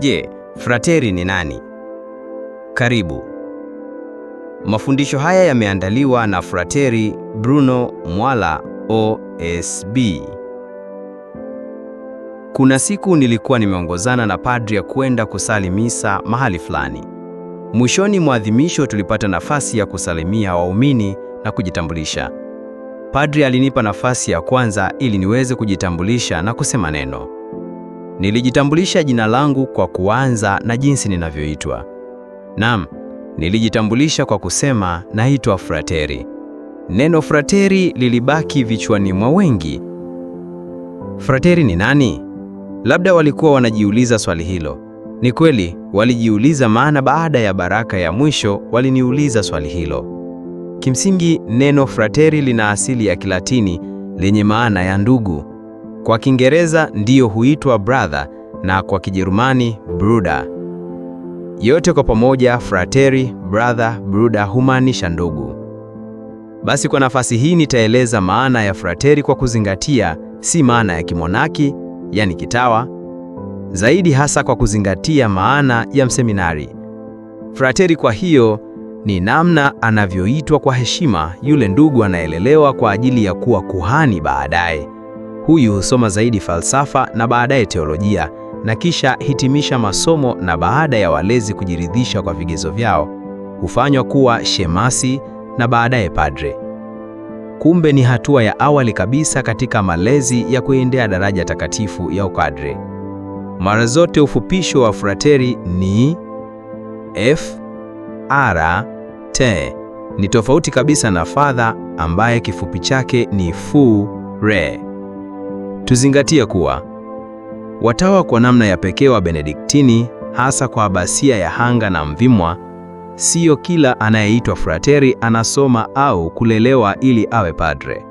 Je, frateri ni nani? Karibu. Mafundisho haya yameandaliwa na Frateri Bruno Mwala OSB. Kuna siku nilikuwa nimeongozana na padri ya kwenda kusali misa mahali fulani. Mwishoni mwa adhimisho tulipata nafasi ya kusalimia waumini na kujitambulisha. Padri alinipa nafasi ya kwanza ili niweze kujitambulisha na kusema neno. Nilijitambulisha jina langu kwa kuanza na jinsi ninavyoitwa. Naam, nilijitambulisha kwa kusema naitwa Frateri. Neno Frateri lilibaki vichwani mwa wengi. Frateri ni nani? Labda walikuwa wanajiuliza swali hilo. Ni kweli walijiuliza, maana baada ya baraka ya mwisho waliniuliza swali hilo. Kimsingi, neno Frateri lina asili ya Kilatini lenye maana ya ndugu. Kwa Kiingereza ndiyo huitwa brother na kwa Kijerumani bruder. Yote kwa pamoja frateri, brother, bruder humaanisha ndugu. Basi kwa nafasi hii nitaeleza maana ya frateri kwa kuzingatia si maana ya kimonaki, yani kitawa, zaidi hasa kwa kuzingatia maana ya mseminari. Frateri kwa hiyo ni namna anavyoitwa kwa heshima yule ndugu anaelelewa kwa ajili ya kuwa kuhani baadaye. Huyu husoma zaidi falsafa na baadaye teolojia na kisha hitimisha masomo na baada ya walezi kujiridhisha kwa vigezo vyao, hufanywa kuwa shemasi na baadaye padre. Kumbe ni hatua ya awali kabisa katika malezi ya kuendea daraja takatifu ya upadre. Mara zote ufupisho wa frateri ni F R T. Ni tofauti kabisa na fadha ambaye kifupi chake ni fu re. Tuzingatie kuwa watawa kwa namna ya pekee wa Benediktini, hasa kwa abasia ya Hanga na Mvimwa, siyo kila anayeitwa frateri anasoma au kulelewa ili awe padre.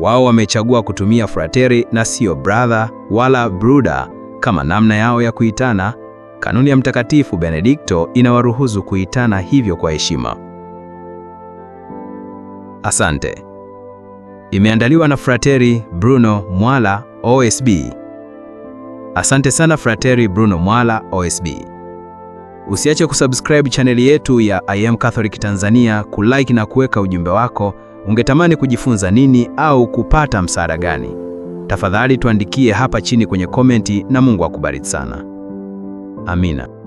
Wao wamechagua kutumia frateri na siyo brother wala bruda kama namna yao ya kuitana. Kanuni ya Mtakatifu Benedikto inawaruhusu kuitana hivyo kwa heshima. Asante. Imeandaliwa na Frateri Bruno Mwala OSB. Asante sana Frateri Bruno Mwala OSB. Usiache kusubscribe chaneli yetu ya I Am Catholic Tanzania, kulike na kuweka ujumbe wako. Ungetamani kujifunza nini au kupata msaada gani? Tafadhali tuandikie hapa chini kwenye komenti na Mungu akubariki sana. Amina.